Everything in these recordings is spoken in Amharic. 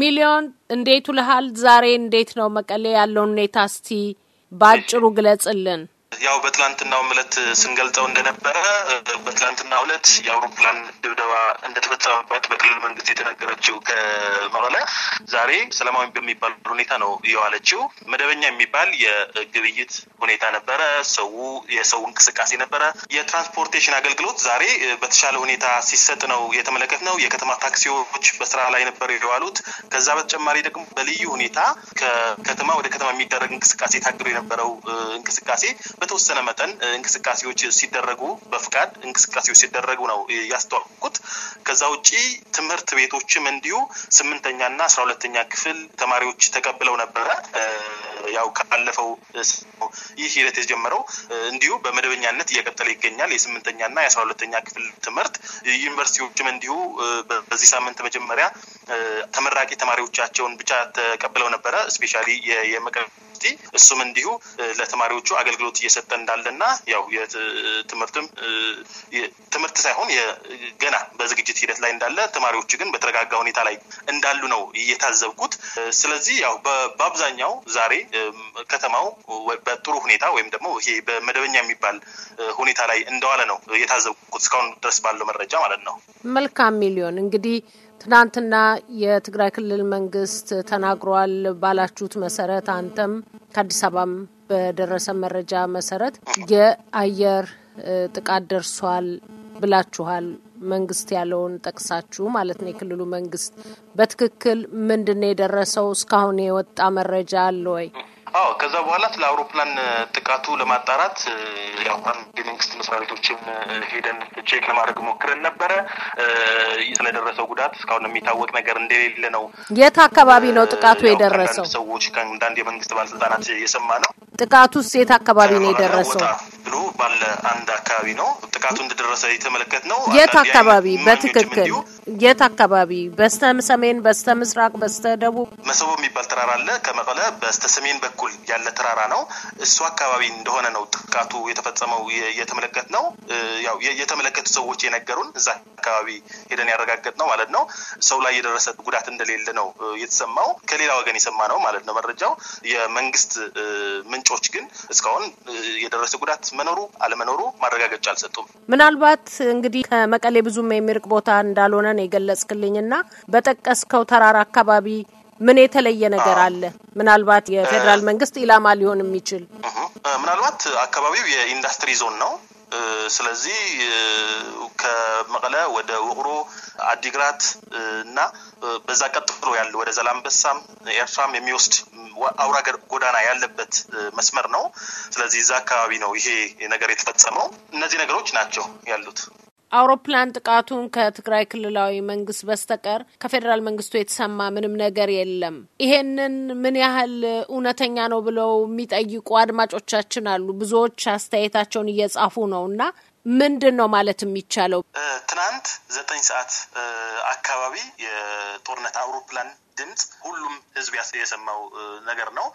ሚሊዮን እንዴት ውልሃል? ዛሬ እንዴት ነው መቀሌ ያለውን ሁኔታ እስቲ በአጭሩ ግለጽልን። ያው በትላንትናው ምለት ስንገልጸው እንደነበረ በትናንትና ሁለት የአውሮፕላን ድብደባ እንደተፈጸመባት በክልል መንግስት የተነገረችው ከመቀለ ዛሬ ሰላማዊ በሚባል ሁኔታ ነው የዋለችው። መደበኛ የሚባል የግብይት ሁኔታ ነበረ። ሰው የሰው እንቅስቃሴ ነበረ። የትራንስፖርቴሽን አገልግሎት ዛሬ በተሻለ ሁኔታ ሲሰጥ ነው የተመለከት ነው። የከተማ ታክሲዎች በስራ ላይ ነበር የዋሉት። ከዛ በተጨማሪ ደግሞ በልዩ ሁኔታ ከከተማ ወደ ከተማ የሚደረግ እንቅስቃሴ ታግዶ የነበረው እንቅስቃሴ በተወሰነ መጠን እንቅስቃሴዎች ሲደረጉ በፍቃድ እንቅስቃሴ እንቅስቃሴዎች ሲደረጉ ነው ያስተዋልኩት። ከዛ ውጪ ትምህርት ቤቶችም እንዲሁ ስምንተኛና አስራ ሁለተኛ ክፍል ተማሪዎች ተቀብለው ነበረ። ያው ካለፈው ይህ ሂደት የጀመረው እንዲሁ በመደበኛነት እየቀጠለ ይገኛል። የስምንተኛና የአስራ ሁለተኛ ክፍል ትምህርት ዩኒቨርሲቲዎችም እንዲሁ በዚህ ሳምንት መጀመሪያ ተመራቂ ተማሪዎቻቸውን ብቻ ተቀብለው ነበረ። ስፔሻሊ የመቀ እሱም እንዲሁ ለተማሪዎቹ አገልግሎት እየሰጠ እንዳለና ያው ትምህርትም ትምህርት ሳይሆን ገና በዝግጅት ሂደት ላይ እንዳለ ተማሪዎች ግን በተረጋጋ ሁኔታ ላይ እንዳሉ ነው እየታዘብኩት። ስለዚህ ያው በአብዛኛው ዛሬ ከተማው በጥሩ ሁኔታ ወይም ደግሞ ይሄ በመደበኛ የሚባል ሁኔታ ላይ እንደዋለ ነው የታዘብኩት እስካሁን ድረስ ባለው መረጃ ማለት ነው። መልካም ሚሊዮን እንግዲህ ትናንትና የትግራይ ክልል መንግስት ተናግሯል ባላችሁት መሰረት አንተም ከአዲስ አበባም በደረሰ መረጃ መሰረት የአየር ጥቃት ደርሷል ብላችኋል። መንግስት ያለውን ጠቅሳችሁ ማለት ነው። የክልሉ መንግስት በትክክል ምንድን ነው የደረሰው? እስካሁን የወጣ መረጃ አለ ወይ? አዎ፣ ከዛ በኋላ ስለ አውሮፕላን ጥቃቱ ለማጣራት የአውሮፕላን የመንግስት መስሪያ ቤቶችን ሄደን ቼክ ለማድረግ ሞክረን ነበረ። ስለደረሰው ጉዳት እስካሁን የሚታወቅ ነገር እንደሌለ ነው። የት አካባቢ ነው ጥቃቱ የደረሰው? ሰዎች ከአንዳንድ የመንግስት ባለስልጣናት የሰማ ነው። ጥቃቱስ የት አካባቢ ነው የደረሰው? ባለ አንድ አካባቢ ነው ጥቃቱ እንደደረሰ የተመለከት ነው። የት አካባቢ በትክክል የት አካባቢ? በስተ ሰሜን፣ በስተ ምስራቅ፣ በስተ ደቡብ መሰቦ የሚባል ተራራ አለ። ከመቀለ በስተ ሰሜን በኩል ያለ ተራራ ነው። እሱ አካባቢ እንደሆነ ነው ጥቃቱ የተፈጸመው የተመለከት ነው ያው የተመለከት ሰዎች የነገሩን እዛ አካባቢ ሄደን ያረጋገጥ ነው ማለት ነው። ሰው ላይ የደረሰ ጉዳት እንደሌለ ነው የተሰማው። ከሌላ ወገን የሰማ ነው ማለት ነው መረጃው። የመንግስት ምንጮች ግን እስካሁን የደረሰ ጉዳት መኖሩ አለመኖሩ ማረጋገጫ አልሰጡም። ምናልባት እንግዲህ ከመቀሌ ብዙም የሚርቅ ቦታ እንዳልሆነ ነው የገለጽክልኝና በጠቀስከው ተራራ አካባቢ ምን የተለየ ነገር አለ? ምናልባት የፌዴራል መንግስት ኢላማ ሊሆን የሚችል ምናልባት አካባቢው የኢንዱስትሪ ዞን ነው ስለዚህ ከመቀለ ወደ ውቅሮ፣ አዲግራት እና በዛ ቀጥሎ ያለ ወደ ዘላንበሳም ኤርትራም የሚወስድ አውራ ጎዳና ያለበት መስመር ነው። ስለዚህ እዛ አካባቢ ነው ይሄ ነገር የተፈጸመው። እነዚህ ነገሮች ናቸው ያሉት። አውሮፕላን ጥቃቱን ከትግራይ ክልላዊ መንግስት በስተቀር ከፌዴራል መንግስቱ የተሰማ ምንም ነገር የለም። ይሄንን ምን ያህል እውነተኛ ነው ብለው የሚጠይቁ አድማጮቻችን አሉ። ብዙዎች አስተያየታቸውን እየጻፉ ነው እና ምንድን ነው ማለት የሚቻለው? ትናንት ዘጠኝ ሰዓት አካባቢ የጦርነት አውሮፕላን ድምፅ ሁሉም ህዝብ የሰማው ነገር ነው።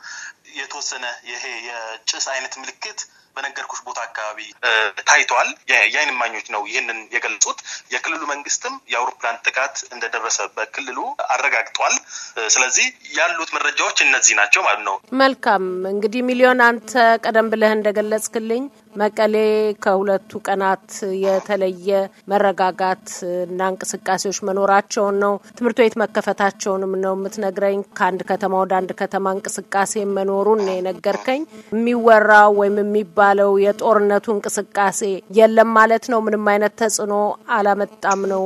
የተወሰነ ይሄ የጭስ አይነት ምልክት በነገርኩ ታይቷል የአይን እማኞች ነው ይህንን የገለጹት። የክልሉ መንግስትም የአውሮፕላን ጥቃት እንደደረሰ በክልሉ አረጋግጧል። ስለዚህ ያሉት መረጃዎች እነዚህ ናቸው ማለት ነው። መልካም እንግዲህ ሚሊዮን፣ አንተ ቀደም ብለህ እንደገለጽክልኝ መቀሌ ከሁለቱ ቀናት የተለየ መረጋጋት እና እንቅስቃሴዎች መኖራቸውን ነው። ትምህርት ቤት መከፈታቸውንም ነው የምትነግረኝ። ከአንድ ከተማ ወደ አንድ ከተማ እንቅስቃሴ መኖሩን ነው የነገርከኝ። የሚወራው ወይም የሚባለው የጦርነቱ እንቅስቃሴ የለም ማለት ነው። ምንም አይነት ተጽዕኖ አላመጣም ነው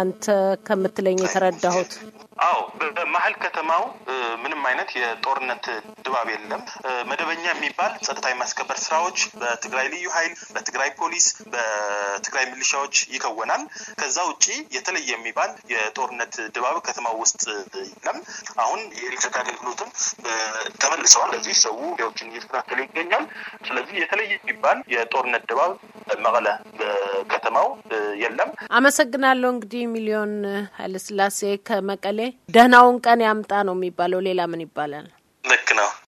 አንተ ከምትለኝ የተረዳሁት። አዎ በመሀል ከተማው ምንም አይነት የጦርነት ድባብ የለም። መደበኛ የሚባል ጸጥታ የማስከበር ስራዎች በትግራይ ልዩ ኃይል፣ በትግራይ ፖሊስ፣ በትግራይ ሚሊሻዎች ይከወናል። ከዛ ውጪ የተለየ የሚባል የጦርነት ድባብ ከተማው ውስጥ የለም። አሁን የኤሌክትሪክ አገልግሎትም ተመልሰዋል። ለዚህ ሰው ዎችን እየተከታተለ ይገኛል። ስለዚህ የተለየ የሚባል የጦርነት ድባብ መቀለ ከተማው የለም። አመሰግናለሁ። እንግዲህ ሚሊዮን ኃይለስላሴ ከመቀሌ ደህናውን ቀን ያምጣ ነው የሚባለው። ሌላ ምን ይባላል?